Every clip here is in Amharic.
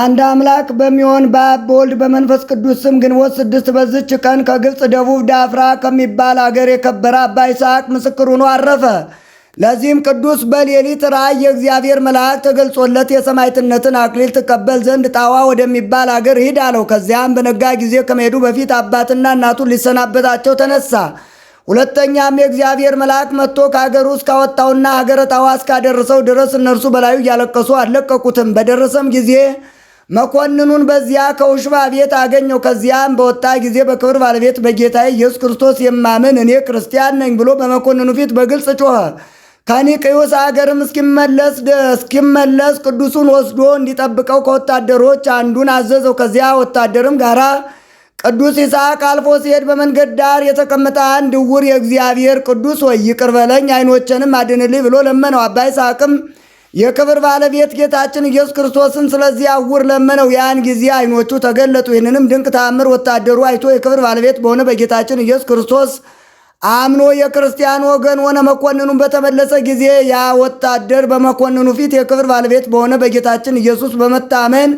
አንድ አምላክ በሚሆን በአብ በወልድ በመንፈስ ቅዱስ ስም ግንቦት ስድስት በዝች ቀን ከግብፅ ደቡብ ዳፍራ ከሚባል አገር የከበረ አባ ይስሐቅ ምስክር ሆኖ አረፈ። ለዚህም ቅዱስ በሌሊት ራእይ የእግዚአብሔር መልአክ ተገልጾለት የሰማዕትነትን አክሊል ትቀበል ዘንድ ጣዋ ወደሚባል አገር ሂድ አለው። ከዚያም በነጋ ጊዜ ከመሄዱ በፊት አባትና እናቱን ሊሰናበታቸው ተነሳ። ሁለተኛም የእግዚአብሔር መልአክ መጥቶ ከአገሩ እስካወጣውና ሀገረ ጣዋ እስካደረሰው ድረስ እነርሱ በላዩ እያለቀሱ አለቀቁትም። በደረሰም ጊዜ መኮንኑን በዚያ ከውሽባ ቤት አገኘው። ከዚያም በወጣ ጊዜ በክብር ባለቤት በጌታ ኢየሱስ ክርስቶስ የማምን እኔ ክርስቲያን ነኝ ብሎ በመኮንኑ ፊት በግልጽ ጮኸ። ከኒቅዩስ አገርም እስኪመለስ እስኪመለስ ቅዱሱን ወስዶ እንዲጠብቀው ከወታደሮች አንዱን አዘዘው። ከዚያ ወታደርም ጋራ ቅዱስ ይስሐቅ አልፎ ሲሄድ በመንገድ ዳር የተቀመጠ አንድ ዕውር የእግዚአብሔር ቅዱስ ወይ ይቅር በለኝ፣ ዓይኖቼንም አድንልኝ ብሎ ለመነው። አባ ይስሐቅም የክብር ባለቤት ጌታችን ኢየሱስ ክርስቶስን ስለዚህ አውር ለመነው። ያን ጊዜ ዓይኖቹ ተገለጡ። ይህንንም ድንቅ ተአምር ወታደሩ አይቶ የክብር ባለቤት በሆነ በጌታችን ኢየሱስ ክርስቶስ አምኖ የክርስቲያን ወገን ሆነ። መኮንኑን በተመለሰ ጊዜ ያ ወታደር በመኮንኑ ፊት የክብር ባለቤት በሆነ በጌታችን ኢየሱስ በመታመን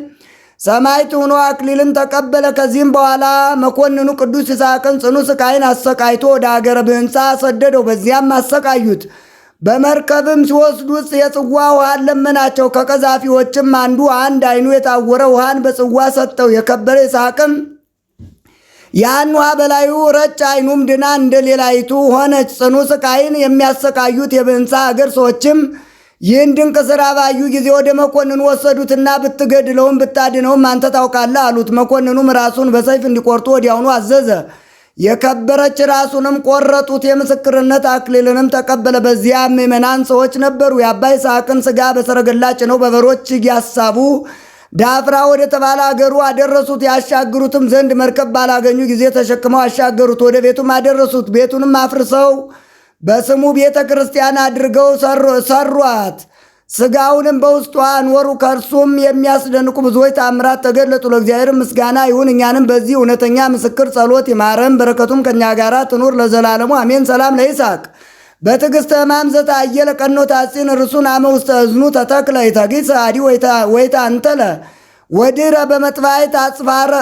ሰማዕት ሆኖ አክሊልን ተቀበለ። ከዚህም በኋላ መኮንኑ ቅዱስ ይስሐቅን ጽኑ ስቃይን አሰቃይቶ ወደ አገረ ብሕንፃ ሰደደው። በዚያም አሰቃዩት። በመርከብም ሲወስዱት የጽዋ ውሃን ለመናቸው። ከቀዛፊዎችም አንዱ አንድ አይኑ የታወረ ውሃን በጽዋ ሰጠው። የከበረ ይስሐቅም ያን ውሃ በላዩ ረጭ፣ አይኑም ድና እንደ ሌላይቱ ሆነች። ጽኑ ስቃይን የሚያሰቃዩት የብንሳ አገር ሰዎችም ይህን ድንቅ ሥራ ባዩ ጊዜ ወደ መኮንኑ ወሰዱትና ብትገድለውም ብታድነውም አንተ ታውቃለህ አሉት። መኮንኑም ራሱን በሰይፍ እንዲቆርጡ ወዲያውኑ አዘዘ። የከበረች ራሱንም ቆረጡት፣ የምስክርነት አክሊልንም ተቀበለ። በዚያም የመናን ሰዎች ነበሩ። የአባ ይስሐቅን ሥጋ በሰረገላ ጭነው በበሮች እያሳቡ ዳፍራ ወደ ተባለ አገሩ አደረሱት። ያሻግሩትም ዘንድ መርከብ ባላገኙ ጊዜ ተሸክመው አሻገሩት፣ ወደ ቤቱም አደረሱት። ቤቱንም አፍርሰው በስሙ ቤተ ክርስቲያን አድርገው ሰሯት። ስጋውንም በውስጧ አኖሩ። ከእርሱም የሚያስደንቁ ብዙዎች ታምራት ተገለጡ። ለእግዚአብሔር ምስጋና ይሁን፣ እኛንም በዚህ እውነተኛ ምስክር ጸሎት ይማረን፣ በረከቱም ከእኛ ጋር ትኑር ለዘላለሙ አሜን። ሰላም ለይስሐቅ በትዕግሥተ ሕማም ዘተአየለ ቀኖ ታጺን ርሱን አመ ውስተ እዝኑ ተተክለ ይተጊስ አዲ ወይታ እንተለ ወድረ በመጥባዕት አጽፋረ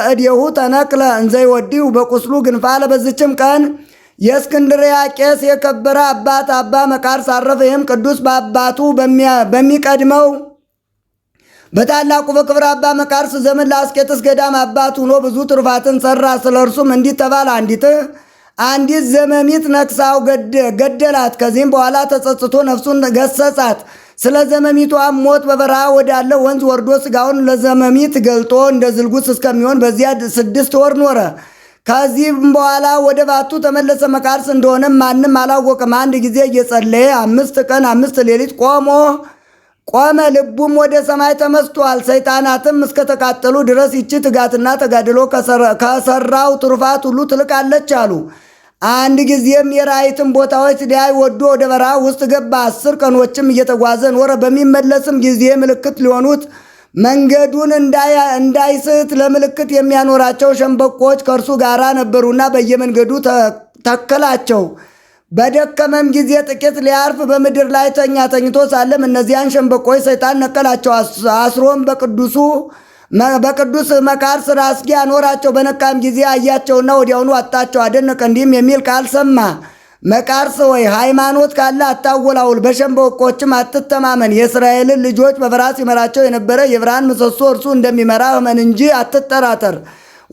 ተነክለ እንዘይ እንዘይወዲሁ በቁስሉ ግንፋለ በዝችም ቀን የእስክንድሪያ ቄስ የከበረ አባት አባ መቃርስ አረፈ። ይህም ቅዱስ በአባቱ በሚቀድመው በታላቁ በክብር አባ መቃርስ ዘመን ለአስቄጥስ ገዳም አባት ሆኖ ብዙ ትሩፋትን ሰራ። ስለ እርሱም እንዲህ ተባለ። አንዲት አንዲት ዘመሚት ነክሳው ገደላት። ከዚህም በኋላ ተጸጽቶ ነፍሱን ገሰጻት። ስለ ዘመሚቷም ሞት በበረሃ ወዳለ ወንዝ ወርዶ ስጋውን ለዘመሚት ገልጦ እንደ ዝልጉት እስከሚሆን በዚያ ስድስት ወር ኖረ። ከዚህም በኋላ ወደ ባቱ ተመለሰ። መቃርስ እንደሆነ ማንም አላወቅም። አንድ ጊዜ እየጸለየ አምስት ቀን አምስት ሌሊት ቆሞ ቆመ። ልቡም ወደ ሰማይ ተመስቷል። ሰይጣናትም እስከተቃጠሉ ድረስ ይቺ ትጋትና ተጋድሎ ከሰራው ትሩፋት ሁሉ ትልቃለች አሉ። አንድ ጊዜም የራይትን ቦታዎች ሊያይ ወዶ ወደ በረሃ ውስጥ ገባ። አስር ቀኖችም እየተጓዘ ኖረ። በሚመለስም ጊዜ ምልክት ሊሆኑት መንገዱን እንዳይስት ለምልክት የሚያኖራቸው ሸምበቆዎች ከእርሱ ጋራ ነበሩና በየመንገዱ ተከላቸው። በደከመም ጊዜ ጥቂት ሊያርፍ በምድር ላይ ተኛ ተኝቶ ሳለም እነዚያን ሸምበቆች ሰይጣን ነቀላቸው። አስሮም በቅዱሱ በቅዱስ ስራ አስጊ አኖራቸው። በነቃም ጊዜ አያቸውና ወዲያውኑ አጣቸው፣ አደነቀ። እንዲህም የሚል ቃል ሰማ መቃርስ ወይ ሃይማኖት ካለ አታወላውል፣ በሸምበቆችም አትተማመን። የእስራኤልን ልጆች በበራስ ይመራቸው የነበረ የብርሃን ምሰሶ እርሱ እንደሚመራ እመን እንጂ አትጠራጠር።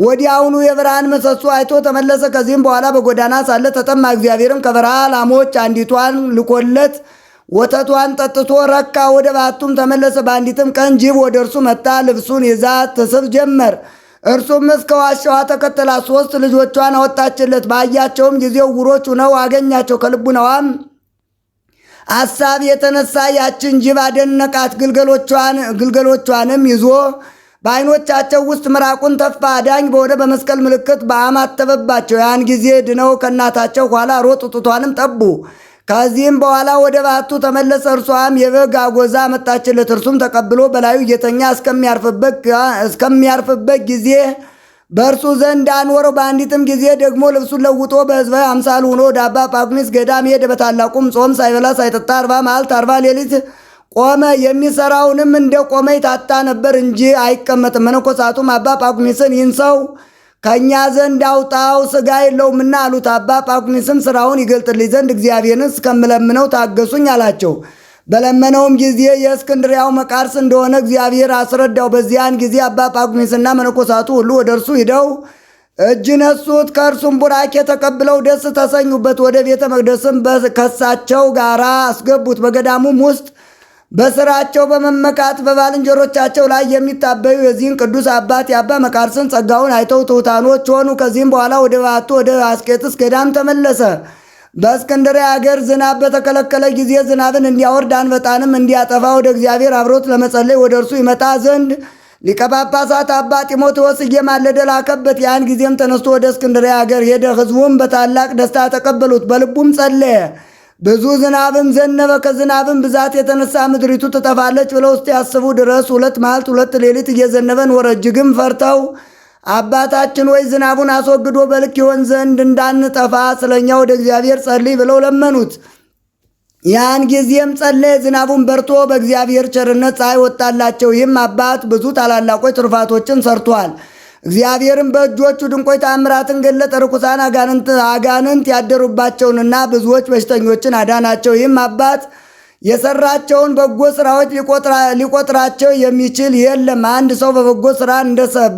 ወዲያውኑ የብርሃን ምሰሶ አይቶ ተመለሰ። ከዚህም በኋላ በጎዳና ሳለ ተጠማ። እግዚአብሔርም ከበረሃ ላሞች አንዲቷን ልኮለት ወተቷን ጠጥቶ ረካ። ወደ ባቱም ተመለሰ። በአንዲትም ቀን ጅብ ወደ እርሱ መጣ፣ ልብሱን ይዛ ትስብ ጀመር። እርሱም እስከ ዋሻዋ ተከተላት፣ ሶስት ልጆቿን አወጣችለት። ባያቸውም ጊዜ ውሮች ሁነው አገኛቸው። ከልቡናዋም አሳብ የተነሳ ያችን ጅብ አደነቃት። ግልገሎቿንም ይዞ በዓይኖቻቸው ውስጥ ምራቁን ተፋ። አዳኝ በሆነ በመስቀል ምልክት በአማተበባቸው። ያን ጊዜ ድነው ከእናታቸው ኋላ ሮጡ፣ ጡቷንም ጠቡ። ከዚህም በኋላ ወደ ባቱ ተመለሰ። እርሷም የበግ አጎዛ መጣችለት። እርሱም ተቀብሎ በላዩ እየተኛ እስከሚያርፍበት ጊዜ በእርሱ ዘንድ አኖረው። በአንዲትም ጊዜ ደግሞ ልብሱን ለውጦ በሕዝበ አምሳል ሆኖ ወደ አባ ጳኩሚስ ገዳም ሄደ። በታላቁም ጾም ሳይበላ ሳይጠጣ አርባ መዓልት አርባ ሌሊት ቆመ። የሚሰራውንም እንደ ቆመ ይታታ ነበር እንጂ አይቀመጥም። መነኮሳቱም አባ ጳኩሚስን ይህን ሰው ከእኛ ዘንድ አውጣው ስጋ የለውምና አሉት። አባ ጳኩሚስም ሥራውን ይገልጥልኝ ዘንድ እግዚአብሔርን እስከምለምነው ታገሱኝ አላቸው። በለመነውም ጊዜ የእስክንድሪያው መቃርስ እንደሆነ እግዚአብሔር አስረዳው። በዚያን ጊዜ አባ ጳኩሚስና መነኮሳቱ ሁሉ ወደ እርሱ ሂደው እጅ ነሱት። ከእርሱም ቡራኬ ተቀብለው ደስ ተሰኙበት። ወደ ቤተ መቅደስም ከሳቸው ጋራ አስገቡት። በገዳሙም ውስጥ በስራቸው በመመካት በባልንጀሮቻቸው ላይ የሚታበዩ የዚህን ቅዱስ አባት የአባ መቃርስን ጸጋውን አይተው ትሑታኖች ሆኑ። ከዚህም በኋላ ወደ ባቱ ወደ አስቄጥስ ገዳም ተመለሰ። በእስክንድርያ አገር ዝናብ በተከለከለ ጊዜ ዝናብን እንዲያወርድ አንበጣንም እንዲያጠፋ ወደ እግዚአብሔር አብሮት ለመጸለይ ወደ እርሱ ይመጣ ዘንድ ሊቀ ጳጳሳት አባ ጢሞቴዎስ እየማለደ ላከበት። ያን ጊዜም ተነስቶ ወደ እስክንድርያ አገር ሄደ። ሕዝቡም በታላቅ ደስታ ተቀበሉት። በልቡም ጸለየ። ብዙ ዝናብም ዘነበ። ከዝናብም ብዛት የተነሳ ምድሪቱ ትጠፋለች ብለው ውስጥ ያስቡ ድረስ ሁለት መዓልት ሁለት ሌሊት እየዘነበን ወረ። እጅግም ፈርተው አባታችን ወይ ዝናቡን አስወግዶ በልክ ይሆን ዘንድ እንዳንጠፋ ስለኛ ወደ እግዚአብሔር ጸልይ ብለው ለመኑት። ያን ጊዜም ጸለየ፣ ዝናቡን በርቶ በእግዚአብሔር ቸርነት ፀሐይ ወጣላቸው። ይህም አባት ብዙ ታላላቆች ትሩፋቶችን ሰርቷል። እግዚአብሔርም በእጆቹ ድንቆይ ታምራትን ገለጠ። ርኩሳን አጋንንት አጋንንት ያደሩባቸውንና ብዙዎች በሽተኞችን አዳናቸው። ይህም አባት የሰራቸውን በጎ ስራዎች ሊቆጥራቸው የሚችል የለም። አንድ ሰው በበጎ ስራ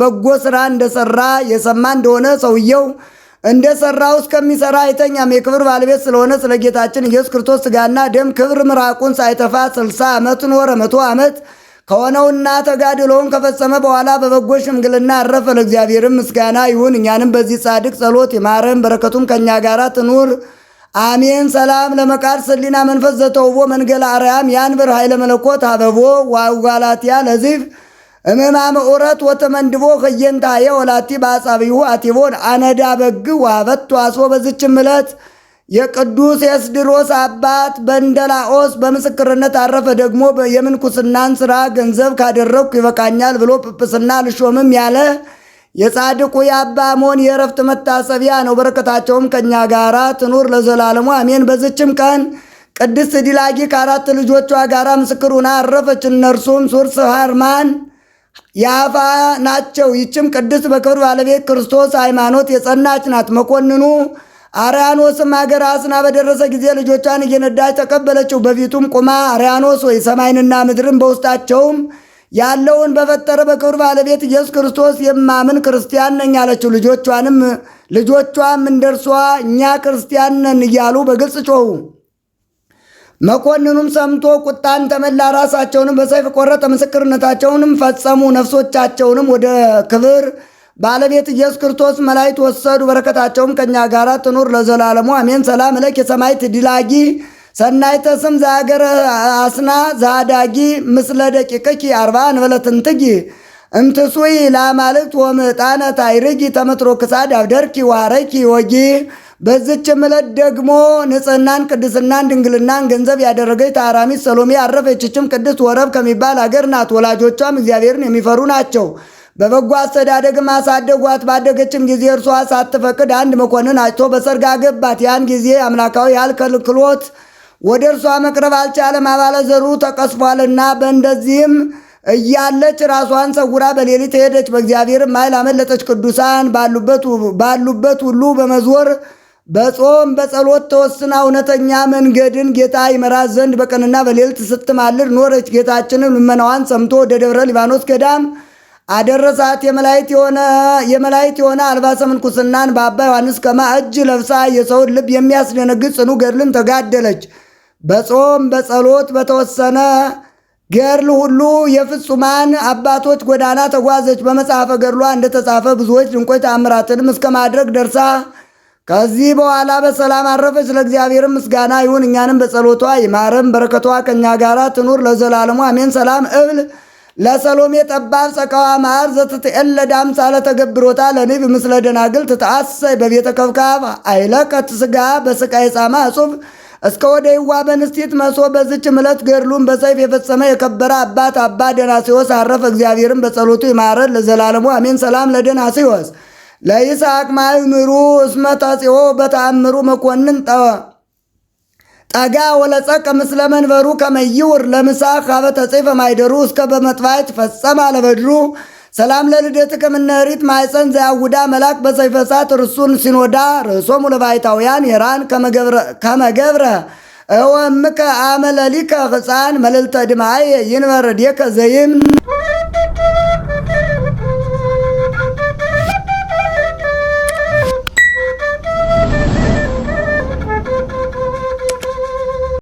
በጎ ስራ እንደሰራ የሰማ እንደሆነ ሰውየው እንደ ሰራው እስከሚሰራ አይተኛም። የክብር ባለቤት ስለሆነ ስለ ጌታችን ኢየሱስ ክርስቶስ ስጋና ደም ክብር ምራቁን ሳይተፋ ስልሳ ዓመት ኖረ። መቶ ዓመት ከሆነውና ተጋድሎውን ከፈጸመ በኋላ በበጎ ሽምግልና አረፈ። ለእግዚአብሔርም ምስጋና ይሁን። እኛንም በዚህ ጻድቅ ጸሎት ይማረን፣ በረከቱም ከእኛ ጋር ትኑር አሜን። ሰላም ለመቃድ ስሊና መንፈስ ዘተውቦ መንገል አርያም ያንብር ኃይለ መለኮት አበቦ ዋጓላትያ ለዚፍ እምማመ ዑረት ወተመንድቦ ከየንታየ ወላቲ በአጻብይሁ አቲቦን አነዳ በግ ዋበት ተዋስቦ በዝችም የቅዱስ ኤስድሮስ አባት በንደላኦስ በምስክርነት አረፈ። ደግሞ የምንኩስናን ስራ ገንዘብ ካደረግኩ ይበቃኛል ብሎ ጵጵስና ልሾምም ያለ የጻድቁ የአባ መሆን የእረፍት መታሰቢያ ነው። በረከታቸውም ከእኛ ጋራ ትኑር ለዘላለሙ አሜን። በዝችም ቀን ቅድስት ዲላጊ ከአራት ልጆቿ ጋር ምስክር ሆና አረፈች። እነርሱም ሱርስ፣ ሃርማን የአፋ ናቸው። ይችም ቅድስት በክብር ባለቤት ክርስቶስ ሃይማኖት የጸናች ናት። መኮንኑ አርያኖስም አገር አስና በደረሰ ጊዜ ልጆቿን እየነዳች ተቀበለችው። በፊቱም ቁማ አርያኖስ ወይ ሰማይንና ምድርን በውስጣቸውም ያለውን በፈጠረ በክብር ባለቤት ኢየሱስ ክርስቶስ የማምን ክርስቲያን ነኝ አለችው። ልጆቿንም ልጆቿም እንደርሷ እኛ ክርስቲያን ነን እያሉ በግልጽ ጮኹ። መኮንኑም ሰምቶ ቁጣን ተመላ፣ ራሳቸውንም በሰይፍ ቆረጠ። ምስክርነታቸውንም ፈጸሙ። ነፍሶቻቸውንም ወደ ክብር ባለቤት ኢየሱስ ክርስቶስ መላእክት ወሰዱ። በረከታቸውም ከእኛ ጋር ትኑር ለዘላለሙ አሜን። ሰላም ለክ የሰማይት ዲላጊ ሰናይተ ስም ዘሀገር አስና ዘአዳጊ ምስለ ደቂቅኪ አርባ ንበለትንትጊ እምትሱይ ለአማልክት ወምዕጣነ ታይርጊ ተመትሮ ክሳድ አብደርኪ ዋረኪ ወጊ። በዝች ምለት ደግሞ ንጽህናን፣ ቅድስናን፣ ድንግልናን ገንዘብ ያደረገች ታራሚት ሰሎሜ አረፈችችም። ቅድስት ወረብ ከሚባል አገር ናት። ወላጆቿም እግዚአብሔርን የሚፈሩ ናቸው። በበጎ አስተዳደግም አሳደጓት። ባደገችም ጊዜ እርሷ ሳትፈቅድ አንድ መኮንን አጭቶ በሰርግ አገባት። ያን ጊዜ አምላካዊ ያልከልክሎት ወደ እርሷ መቅረብ አልቻለም፣ አባለ ዘሩ ተቀስፏልና። በእንደዚህም እያለች ራሷን ሰውራ በሌሊት ሄደች። በእግዚአብሔር ማይል አመለጠች። ቅዱሳን ባሉበት ሁሉ በመዞር በጾም በጸሎት ተወስና እውነተኛ መንገድን ጌታ ይመራ ዘንድ በቀንና በሌሊት ስትማልድ ኖረች። ጌታችንም ልመናዋን ሰምቶ ወደ ደብረ ሊባኖስ ገዳም አደረሳት የመላይት የሆነ አልባሰ ምንኩስናን በአባ ዮሐንስ ከማ እጅ ለብሳ የሰውን ልብ የሚያስደነግጥ ጽኑ ገድልን ተጋደለች። በጾም በጸሎት በተወሰነ ገድል ሁሉ የፍጹማን አባቶች ጎዳና ተጓዘች። በመጽሐፈ ገድሏ እንደተጻፈ ብዙዎች ድንቆች ተአምራትንም እስከ ማድረግ ደርሳ ከዚህ በኋላ በሰላም አረፈች። ለእግዚአብሔር ምስጋና ይሁን፣ እኛንም በጸሎቷ ይማረም፣ በረከቷ ከእኛ ጋራ ትኑር ለዘላለሙ አሜን። ሰላም እብል ለሰሎሜ ጠባብ ጸቃዋ ማር ዘትትኤለ ዳምሳ ተገብሮታ ለንብ ምስለ ደናግል ትተአሰይ በቤተ ከብካብ አይለቀት ስጋ በስቃይ ጻማ እጹብ እስከ ወደ ይዋ በንስቲት መሶ በዝች ምለት ገድሉን በሰይፍ የፈጸመ የከበረ አባት አባ ደናሲዎስ አረፈ። እግዚአብሔርን በጸሎቱ ይማረን ለዘላለሙ አሜን። ሰላም ለደናሲዎስ ለይስሐቅ ማይምሩ ምሩ እስመ ተጽዮ በተአምሩ መኮንን ጠወ ጠጋ ወለጸቀ ምስለ መንበሩ ከመይውር ለምሳ ሀበ ተጽፈ ማይደሩ እስከ በመጥባይት ፈጸመ አለበድሩ ሰላም ለልደት ከምነሪት ማይፀን ዘያውዳ መላክ በሰይፈሳት እርሱን ሲኖዳ ርእሶሙ ለባይታውያን የራን ከመገብረ እወምከ አመለሊከ ሕፃን መልዕልተ ድማይ ይንበረዴከ ዘይም